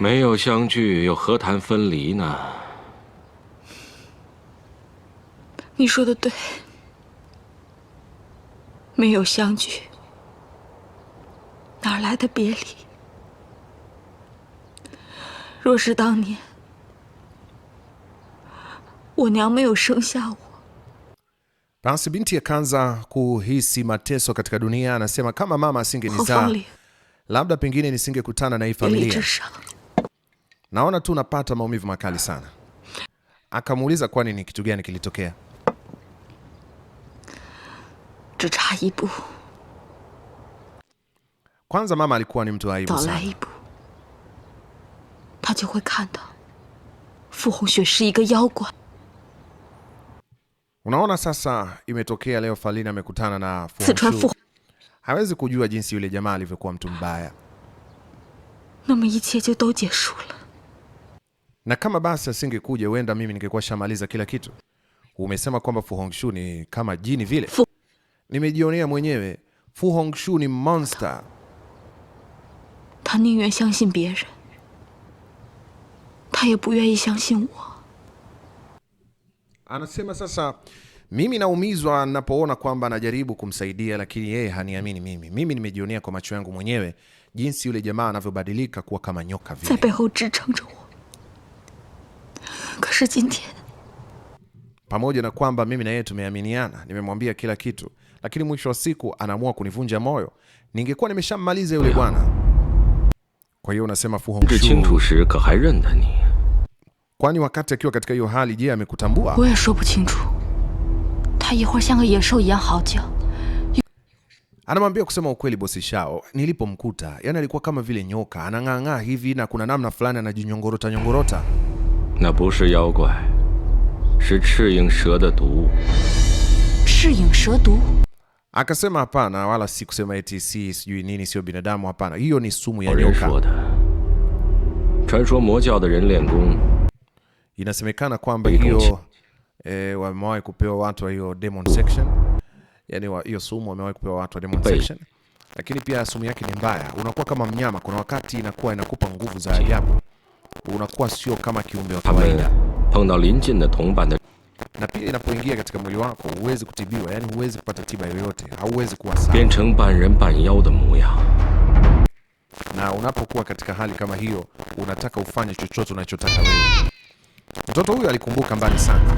没有相聚，又何谈分离呢？你说的对，没有相聚，哪来的别离？若是当年我娘没有生下我…… naona tu unapata maumivu makali sana. Akamuuliza kwani ni kitu gani kilitokea? Tutaibu. Kwanza mama alikuwa ni mtu aibu sana. Unaona sasa imetokea leo Falina amekutana na Fu Hongxue. Hawezi kujua jinsi yule jamaa alivyokuwa mtu mbaya na kama basi asingekuja, huenda mimi ningekuwa shamaliza kila kitu. Umesema kwamba Fu Hongxue ni kama jini vile? Nimejionea mwenyewe, Fu Hongxue ni monster. Anasema sasa, mimi naumizwa napoona kwamba anajaribu kumsaidia, lakini yeye haniamini mimi. Mimi nimejionea kwa macho yangu mwenyewe jinsi yule jamaa anavyobadilika kuwa kama nyoka vile. 是今天。Pamoja na kwamba mimi na yeye tumeaminiana, nimemwambia kila kitu, lakini mwisho wa siku anaamua kunivunja moyo. Ningekuwa nimeshammaliza yule bwana. Kwa hiyo unasema Fu Hongxue, kwani wakati akiwa katika hiyo hali, je, amekutambua? Anamwambia kusema ukweli, bosi Shao, nilipomkuta, yani alikuwa kama vile nyoka, anang'aang'aa hivi na kuna namna fulani anajinyongorota nyongorota 那不是妖怪，是赤影蛇的毒。赤影蛇毒 akasema hapana, wala si kusema eti si sijui nini, sio binadamu. Hapana, hiyo ni sumu ya Inasemekana kwamba hiyo e, wamewahi kupewa watu wa hiyo demon section, yani hiyo sumu wamewahi kupewa watu wa demon section, lakini pia sumu yake ni mbaya, unakuwa kama mnyama. Kuna wakati inakuwa inakupa nguvu za ajabu unakuwa sio kama kiumbe wa kawaida. Na pia inapoingia katika mwili wako huwezi kutibiwa, yani huwezi kupata tiba yoyote, hauwezi kuwa sawa. Na unapokuwa katika hali kama hiyo, unataka ufanye chochote unachotaka wewe. Mtoto huyo alikumbuka mbali sana.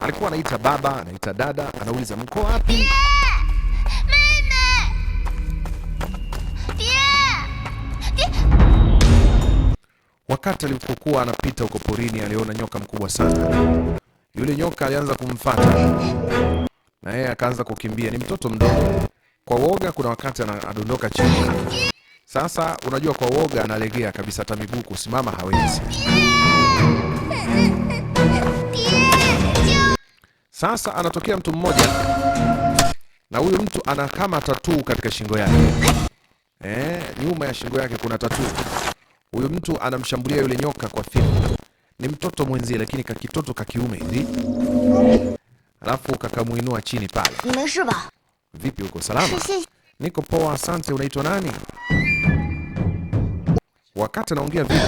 Alikuwa anaita baba, anaita dada, anauliza mko wapi? Wakati alipokuwa anapita huko porini, aliona nyoka mkubwa sana. Yule nyoka alianza kumfata na yeye akaanza kukimbia. Ni mtoto mdogo, kwa woga kuna wakati anadondoka chini. Sasa unajua, kwa woga analegea kabisa, hata miguu kusimama hawezi. Sasa anatokea mtu mmoja, na huyu mtu ana kama tatuu katika shingo yake. Eh, nyuma ya shingo yake kuna tatuu. Huyu mtu anamshambulia yule nyoka kwa fimbo, ni mtoto mwenzie, lakini kakitoto kakiume hivi. Alafu kakamuinua chini pale. Vipi, uko salama? Niko poa, asante. Unaitwa nani? Wakati anaongea vipi,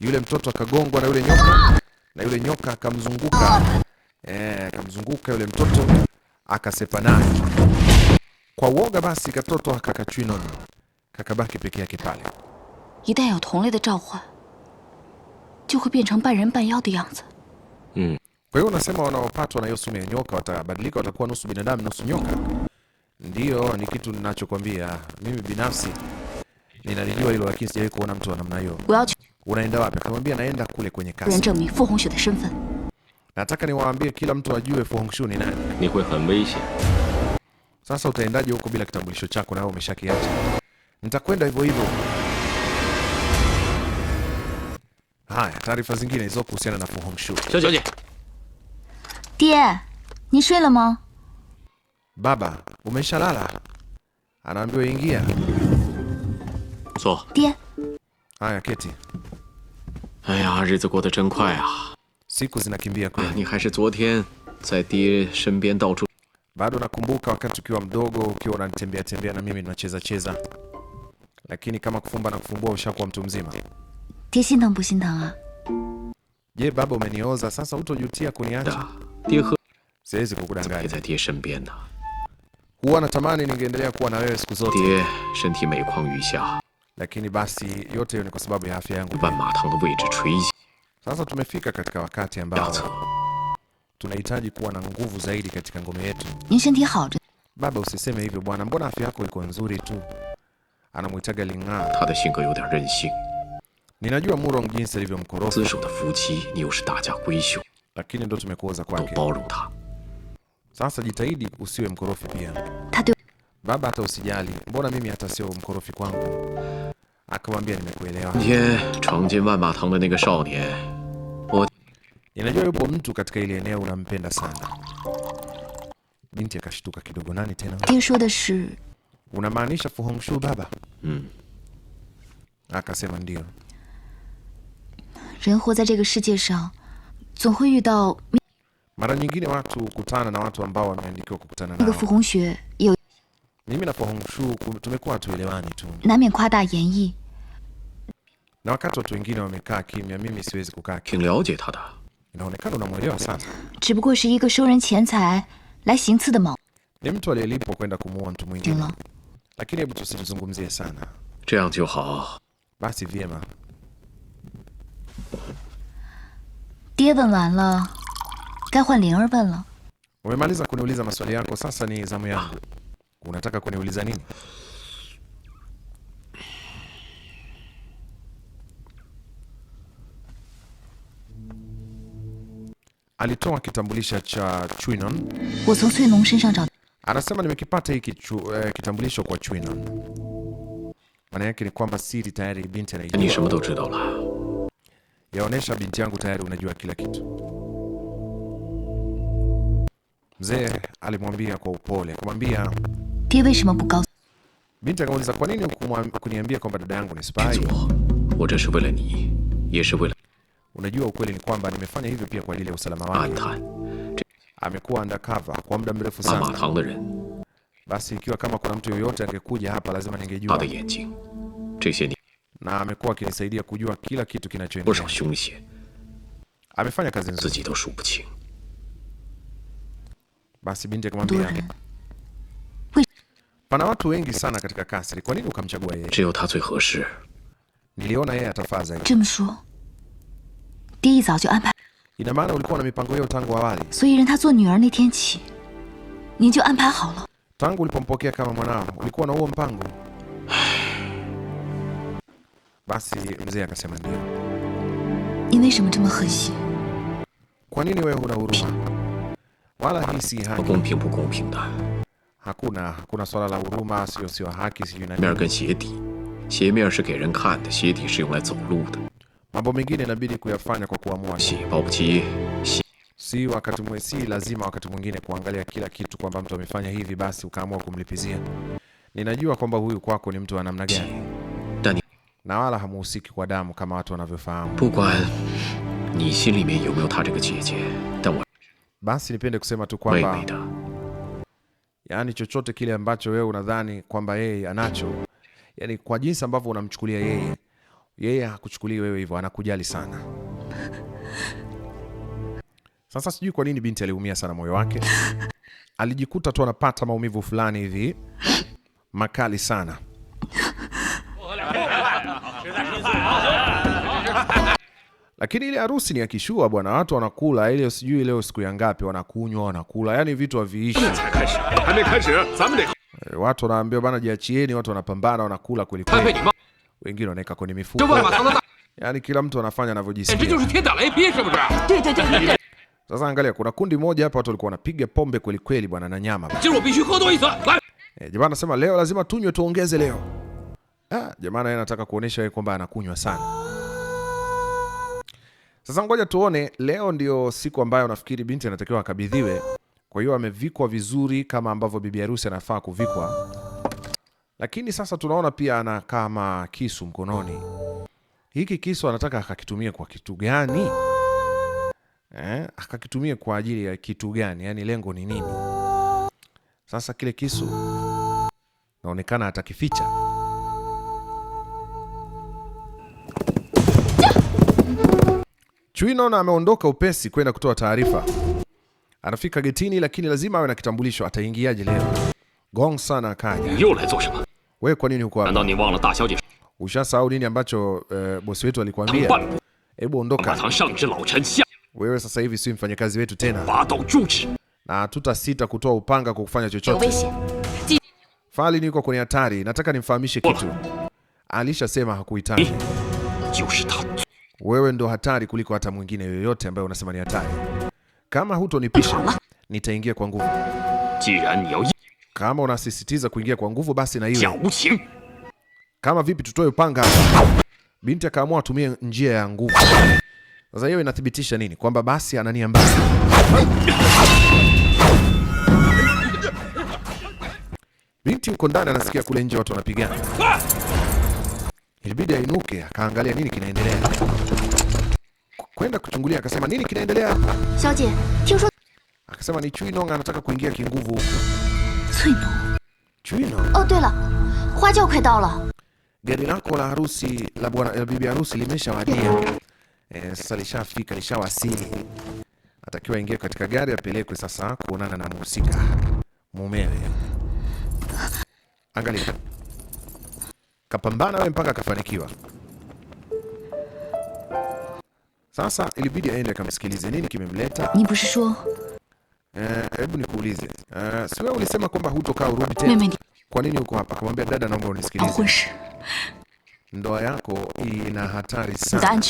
yule mtoto akagongwa na yule nyoka, na yule nyoka akamzunguka, e, akamzunguka yule mtoto akasepa naye kwa uoga. Basi katoto akakachwino, kakabaki peke yake pale. 一旦有同类的召唤，就会变成半人半妖的样子。Mm. Kwa hiyo unasema wanaopatwa na hiyo sumu ya nyoka watabadilika, watakuwa nusu binadamu nusu nyoka? Ndiyo, ni kitu ninachokwambia mimi binafsi ninalijua hilo, lakini sijawahi kuona mtu wa namna hiyo. Unaenda wapi? Akamwambia naenda kule kwenye kasi. Nataka niwaambie kila mtu ajue Fu Hongxue ni nani. Sasa utaendaje huko bila kitambulisho chako na wewe umeshakiacha? Nitakwenda hivyo hivyo. Haya, taarifa zingine hizo kuhusiana na Fu Hongxue. Die, ni shuela mo? Baba, umeshalala? Anaambiwa ingia. So. Die. Haya, keti. Haya, rizi guo zhen kuai Siku zinakimbia kwa. Ah, ni hai shi zuo tian zai die shen dao Bado nakumbuka wakati ukiwa mdogo ukiwa unanitembea tembea na mimi tunacheza cheza. Lakini kama kufumba na kufumbua ushakuwa mtu mzima. 爹心疼不心疼啊？爹和谁是不孤单？陪在爹身边的。爹身体每况愈下。万马堂的位置垂。下您身体好着。他的性格有点任性。Ninajua Murong jinsi alivyomkoroga, lakini ndo tumekuoza kwake. Sasa jitahidi usiwe mkorofi pia. Baba, hata usijali, mbona mimi hata sio mkorofi kwangu? Akamwambia, nimekuelewa. Ninajua yupo mtu katika ile eneo unampenda sana. Binti akashtuka kidogo, nani tena? Unamaanisha Fu Hongxue baba? Hmm. Akasema ndio. 人活在这个世界上，总会遇到。Mara nyingine watu hukutana na watu ambao wameandikiwa kukutana nao. Fu Hongxue yo. Mimi na Fu Hongxue tumekuwa hatuelewani tu. 难免夸大言意，Na wakati watu wengine wamekaa kimya, mimi siwezi kukaa kimya. 挺了解他的。Inaonekana unamwelewa sana. 只不过是一个收人钱财来行刺的毛 Ni mtu aliyelipwa kwenda kumuua mtu mwingine. 了。Lakini hebu tusimzungumzie sana. 这样就好。Basi vyema. 爹问完了，该换灵儿问了。Umemaliza kuniuliza maswali yako, sasa ni zamu yangu. Unataka kuniuliza nini? Alitoa kitambulisho cha Chwinon. Anasema nimekipata hiki eh, kitambulisho kwa Chwinon. Maana yake ni kwamba siri tayari binti anaijua yaonyesha binti yangu tayari unajua kila kitu. Mzee alimwambia kwa upole, kumwambia binti akamuuliza, kwa nini kuniambia kwamba dada yangu ni spy? Unajua, ukweli ni kwamba nimefanya hivyo pia kwa ajili ya usalama wake. Amekuwa undercover kwa muda mrefu sana. Basi ikiwa kama kuna mtu yoyote angekuja hapa, lazima ningejua na amekuwa akinisaidia kujua kila kitu kinachoendelea. Amefanya kazi nzuri. Basi binti akamwambia, pana watu wengi sana katika kasri, kwa nini ukamchagua yeye? Niliona yeye atafaa zaidi. Ina maana ulikuwa na mipango hiyo tangu awali. Tangu ulipompokea kama mwanao, ulikuwa na huo mpango. Basi mzee akasema ndio. Kwa nini wewe huna huruma? Wala hii si haki. Hakuna hakuna swala la huruma, sio sio haki, sio na mambo mengine inabidi kuyafanya kwa kuamua. Si wakati mwingine, si lazima wakati mwingine kuangalia kila kitu kwamba mtu amefanya hivi basi ukaamua kumlipizia. Ninajua kwamba huyu kwako ni mtu wa namna gani na wala hamuhusiki kwa damu kama watu wanavyofahamu. Basi nipende kusema tu kwamba uh. yani, chochote kile ambacho wewe unadhani kwamba yeye anacho, yani kwa jinsi ambavyo unamchukulia yeye, yeye hakuchukulii wewe hivyo, anakujali sana. Sasa sijui kwa nini binti aliumia sana moyo wake, alijikuta tu anapata maumivu fulani hivi makali sana. Lakini ile harusi ni ya kishua bwana, watu wanakula ile sijui leo siku ya ngapi, wanakunywa wanakula, yani vitu haviishi. Eh, watu wanaambia bana, jiachieni, watu wanapambana, wanakula kweli kweli, wengine wanaweka kwenye mifuko, yani kila mtu anafanya anavyojisikia. Sasa angalia, kuna kundi moja hapa watu walikuwa wanapiga pombe kweli kweli bwana na nyama. Eh, jamaa anasema leo lazima tunywe, tuongeze leo. Ah, jamaa anataka kuonesha yeye kwamba anakunywa sana. Sasa ngoja tuone, leo ndio siku ambayo nafikiri binti anatakiwa akabidhiwe. Kwa hiyo amevikwa vizuri kama ambavyo bibi harusi anafaa kuvikwa, lakini sasa tunaona pia ana kama kisu mkononi. Hiki kisu anataka akakitumie kwa kitu gani? Eh, akakitumie kwa ajili ya kitu gani? Yaani lengo ni nini? Sasa kile kisu naonekana atakificha Chui naona ameondoka upesi kwenda kutoa taarifa. Anafika getini, lakini lazima awe na kitambulisho. Ataingiaje leo? Gong sana akaja. Wewe kwa nini uko hapa? Ushasahau nini ambacho uh, bosi wetu alikwambia? Hebu ondoka. Wewe sasa hivi si mfanyakazi wetu tena. Na tutasita kutoa upanga kwa kufanya chochote. Fali niko kwenye hatari. Nataka nimfahamishe kitu. Alishasema hakuhitaji. Eh, wewe ndo hatari kuliko hata mwingine yoyote ambaye unasema ni hatari. Kama hutonipisha nitaingia kwa nguvu. Kama unasisitiza kuingia kwa nguvu, basi na iwe kama vipi. Tutoe upanga. Binti akaamua atumie njia ya nguvu. Sasa hiyo inathibitisha nini? Kwamba basi anania nia mbaya. Binti uko ndani, anasikia kule nje watu wanapigana. Ilibidi ainuke akaangalia nini kinaendelea, kwenda kuchungulia. Akasema nini kinaendelea? Akasema ni Chui Nong anataka kuingia kinguvu huko. Oh, gari lako la harusi la bwana la bibi harusi limeshawadia. Eh, sasa lishafika, lishawasili. Atakiwa ingia katika gari apelekwe sasa kuonana na mhusika mumewe. Angalia kapambana wewe mpaka akafanikiwa. Sasa ilibidi aende akamsikilize nini kimemleta. Eh, hebu eh, nikuulize eh, si wewe ulisema kwamba hutokaa urudi tena, kwa nini uko hapa? Akamwambia, dada, naomba unisikilize, ndoa yako ina hatari sana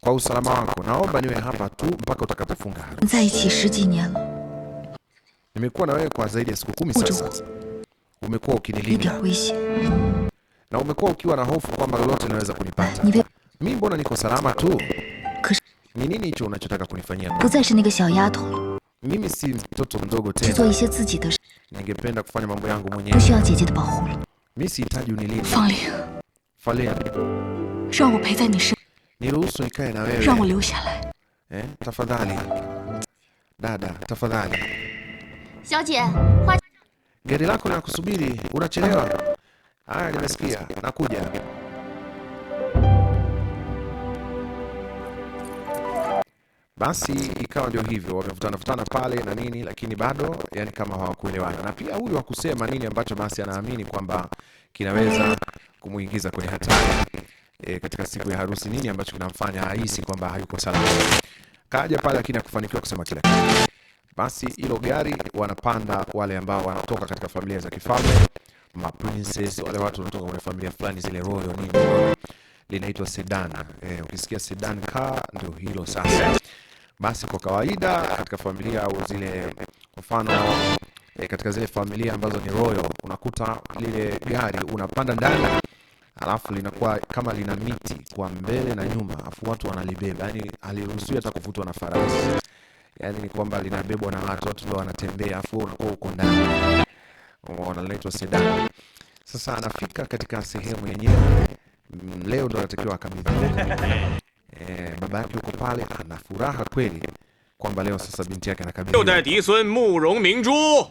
kwa usalama wako, naomba niwe hapa tu mpaka utakapofunga harusi. Nimekuwa na wewe kwa zaidi ya siku kumi sasa umekuwa ukinilinda na umekuwa ukiwa na hofu kwamba lolote linaweza kunipata. Mi mbona niko salama tu. Ni nini hicho unachotaka kunifanyia? Mimi si mtoto mdogo tena, ningependa kufanya mambo yangu mwenyewe. Mi sihitaji unilinde. Niruhusu nikae na wewe. Eh, tafadhali dada, tafadhali. Gari lako linakusubiri, unachelewa. Haya, nimesikia, nakuja. Basi ikawa ndio hivyo, wamevutana futana pale na nini, lakini bado yani kama hawakuelewana, na pia huyu hakusema nini ambacho basi anaamini kwamba kinaweza kumuingiza kwenye hatari e, katika siku ya harusi, nini ambacho kinamfanya ahisi kwamba hayuko salama. Kaja pale lakini hakufanikiwa kusema kila kitu basi hilo gari wanapanda wale ambao wanatoka katika familia za kifalme, ma princess, wale watu wanatoka kwenye familia fulani zile royal nini, linaitwa sedan. Eh, ukisikia sedan car ndio hilo sasa. Basi kwa kawaida katika familia au zile kwa mfano E, katika zile familia ambazo ni royal unakuta lile gari unapanda ndani, alafu linakuwa kama lina miti kwa mbele na nyuma, afu watu wanalibeba, yani haliruhusiwi hata kuvutwa na farasi yani ni kwamba linabebwa na watu, watu ndio wanatembea, afu unakuwa uko ndani, wanaletwa sedan. Sasa anafika katika sehemu yenyewe, mm, leo ndo anatakiwa akabidhi e, eh, baba yake yuko pale, ana furaha kweli kwamba leo sasa binti yake anakabidhi. Leo dai disun Mu Rong Mingzhu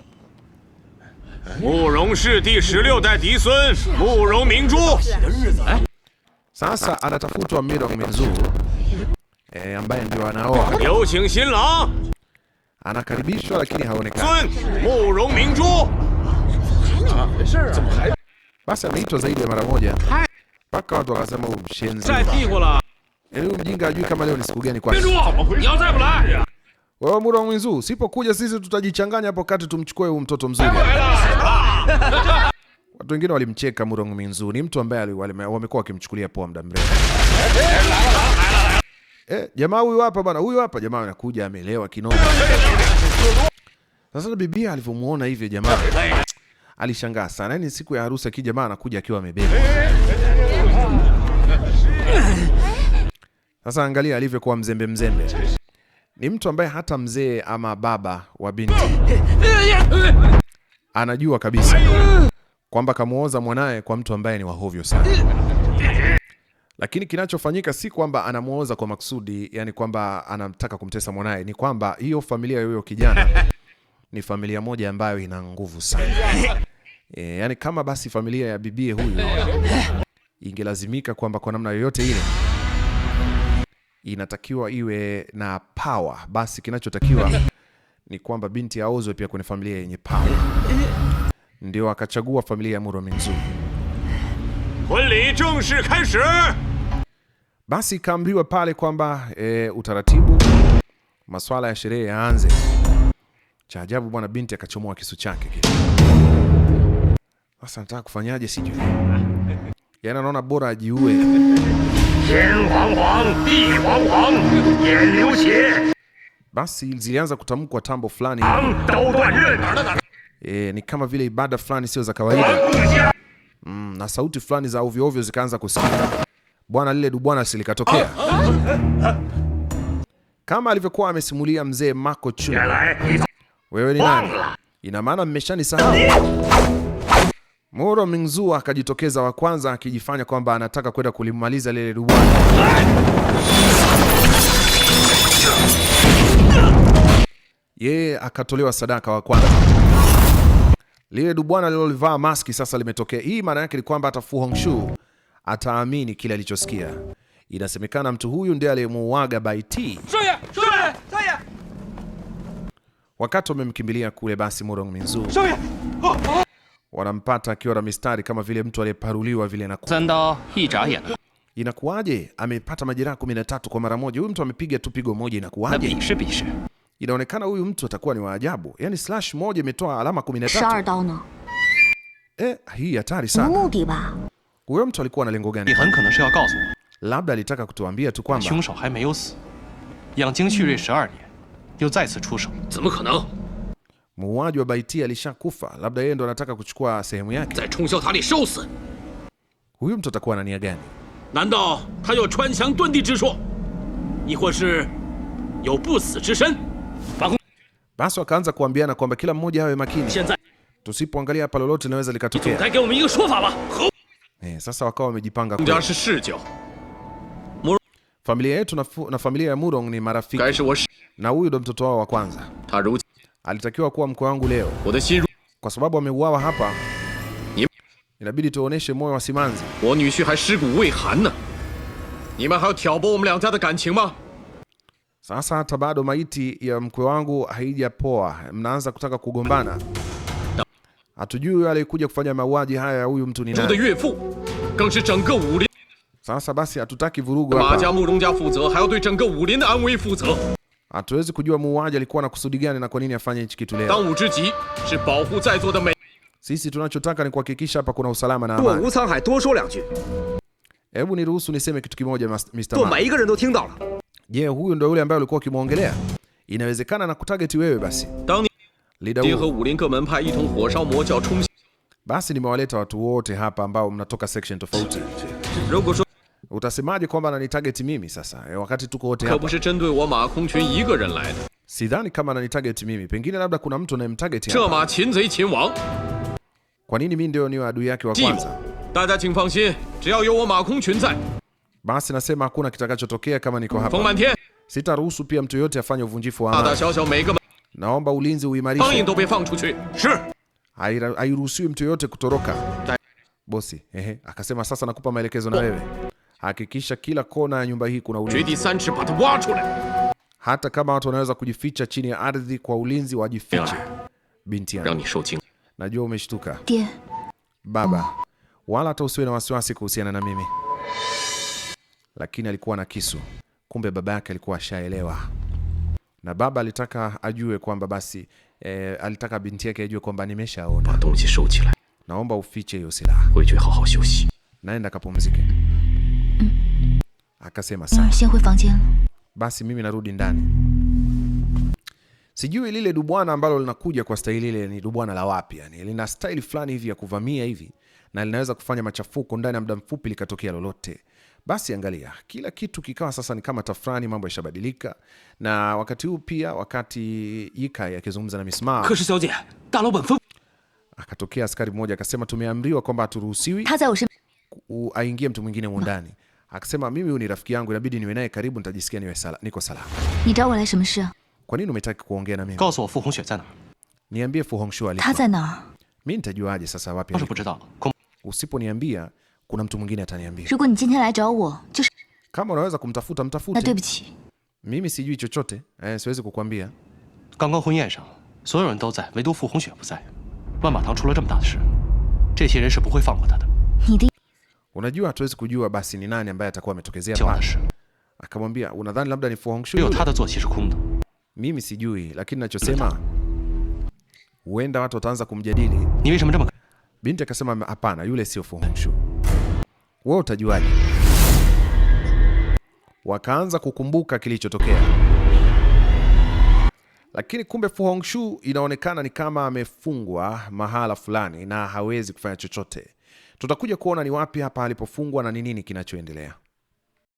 shi di 16 dai Mingzhu. Sasa anatafutwa Mu Rong Mingzhu e, ambaye ndio anaoa Yao xing xin lang anakaribishwa, lakini haonekani. rong ming zhu Basi ameitwa zaidi ya mara moja mpaka watu wakasema huyu mshenzi, e, huyu mjinga ajui kama leo ni siku gani kwake. Wewe Mura Mwinzu, sipokuja sisi tutajichanganya hapo kati, tumchukue huyu mtoto mzuri. Watu wengine walimcheka Mura Mwinzu, ni mtu ambaye wamekuwa wakimchukulia poa muda mrefu. Eh, jamaa huyu hapa bwana, huyu hapa jamaa anakuja amelewa kinoma. Sasa bibi alivyomuona hivyo jamaa alishangaa sana. Yaani siku ya harusi ki jamaa anakuja akiwa amebeba. Sasa angalia alivyokuwa mzembe mzembe. Ni mtu ambaye hata mzee ama baba wa binti anajua kabisa kwamba kamuoza mwanaye kwa mtu ambaye ni wahovyo sana lakini kinachofanyika si kwamba anamwoza kwa maksudi yani kwamba anamtaka kumtesa mwanaye, ni kwamba hiyo familia ya huyo kijana ni familia moja ambayo ina nguvu sana. E, yani kama basi familia ya bibie huyu ingelazimika kwamba kwa namna yoyote ile inatakiwa iwe na power, basi kinachotakiwa ni kwamba binti aozwe pia kwenye familia yenye power, ndio akachagua familia ya Muromi nzuri. 婚礼正式开始。Basi kaambiwa pale kwamba e, utaratibu maswala ya sherehe yaanze. Cha ajabu bwana, binti akachomoa kisu chake kile. Sasa nataka kufanyaje? Sijui, yani, anaona bora ajiue. Basi zilianza kutamkwa tambo fulani, e, ni kama vile ibada fulani sio za kawaida mm, na sauti fulani za ovyo ovyo zikaanza kusikika. Bwana, lile dubwana silikatokea kama alivyokuwa amesimulia mzee Mako Chu. Wewe ni nani? Ina maana mmeshanisahau. Moro Mingzu akajitokeza wa kwanza akijifanya kwamba anataka kwenda kulimaliza lile dubwana. Yeye akatolewa sadaka wa kwanza lile dubwana lilolivaa maski sasa limetokea. Hii maana yake ni kwamba hata Fu Hongxue ataamini kile alichosikia. Inasemekana mtu huyu ndiye aliyemuuaga Bai Tianyu wakati wamemkimbilia kule. Basi Murong Minzu wanampata akiwa na mistari kama vile mtu aliyeparuliwa vile, na inakuwaje? Amepata majeraha tatu kwa mara moja. Huyu mtu amepiga tu pigo moja, inakuwaje? inaonekana huyu mtu atakuwa ni waajabu. Yani slash moja imetoa alama 13. Eh, hii hatari sana. Huyo mtu alikuwa na lengo gani? Labda alitaka kutuambia tu kwamba muuaji wa Baiti alishakufa, labda yeye ndo anataka kuchukua sehemu yake. Huyu mtu atakuwa na nia gani? Nandao ta you chuan qiang duan di zhi shuo? Ni huo shi you bu si zhi shen? Basi wakaanza kuambiana kwamba kila mmoja awe makini, tusipoangalia hapa lolote linaweza likatokea. Eh, sasa wakawa wamejipanga. Familia yetu na, na familia ya Murong ni marafiki, na huyu ndo mtoto wao wa kwanza. Alitakiwa kuwa mke wangu leo, kwa sababu ameuawa hapa, inabidi tuoneshe moyo wa simanzi. Sasa hata bado maiti ya mkwe wangu haijapoa, mnaanza kutaka kugombana. Hatujui aliyekuja kufanya mauaji haya ya huyu mtu ni nani. Sasa basi, hatutaki vurugu hapa. Hatuwezi kujua muuaji alikuwa na kusudi gani na kwa nini afanye hichi kitu leo. Sisi tunachotaka ni kuhakikisha hapa kuna usalama na amani. Hebu niruhusu niseme kitu kimoja Mr. Ma. Je, huyu ndo yule ambaye ulikuwa ukimwongelea? Inawezekana na kutarget wewe basi. Basi nimewaleta watu wote hapa ambao mnatoka section tofauti. Utasemaje kwamba ananitarget mimi sasa? E, wakati tuko wote hapa. Sidhani kama ananitarget mimi. Pengine labda kuna mtu anayemtarget hapa. Kwa nini mimi ndio ni adui yake wa kwanza? Basi nasema hakuna kitakachotokea kama niko hapa. Sitaruhusu pia mtu yote afanye uvunjifu wa amani. Naomba ulinzi uimarishwe. Hairuhusiwi mtu yote kutoroka. Bosi, ehe, akasema sasa nakupa maelekezo na wewe. Hakikisha kila kona ya nyumba hii kuna ulinzi. Hata kama watu wanaweza kujificha chini ya ardhi kwa ulinzi wajifiche. Binti yangu. Najua umeshtuka. Baba, wala hata usiwe na wasiwasi kuhusiana na mimi lakini alikuwa na kisu. Kumbe baba yake alikuwa ashaelewa, na baba alitaka ajue kwamba basi e, alitaka binti yake ajue kwamba nimeshaona, naomba ufiche hiyo silaha, naenda kapumzike. Mm. Akasema sawa, mm, basi mimi narudi ndani. Sijui lile dubwana ambalo linakuja kwa staili ile ni dubwana la wapi? Yani lina staili fulani hivi ya kuvamia hivi na linaweza kufanya machafuko ndani ya muda mfupi, likatokea lolote. Basi angalia, kila kitu kikawa sasa ni kama tafrani, mambo yashabadilika. Na wakati huu pia, wakati Yika akizungumza na Misma, akatokea askari mmoja akasema, tumeamriwa kwamba haturuhusiwi aingie mtu mwingine ndani. Akasema, mimi huyu ni rafiki yangu, inabidi niwe naye karibu, nitajisikia niwe sala, niko salama. Kwa nini umetaki kuongea na mimi? Niambie Fu Hongxue alipo. Mimi nitajuaje sasa wapi alipo? Usiponiambia kuna mtu mwingine ataniambia. Kama unaweza kumtafuta mtafute. Mimi sijui chochote, eh, siwezi kukuambia. Unajua hatuwezi kujua basi ni nani ambaye atakuwa ametokezea pale. Akamwambia, unadhani labda ni Fu Hongxue? Mimi sijui, lakini nachosema huenda watu wataanza kumjadili. Binti akasema hapana, yule sio Fu Hongxue wewe utajuaje? Wakaanza kukumbuka kilichotokea, lakini kumbe Fu Hongxue inaonekana ni kama amefungwa mahala fulani na hawezi kufanya chochote. Tutakuja kuona ni wapi hapa alipofungwa na ni nini kinachoendelea.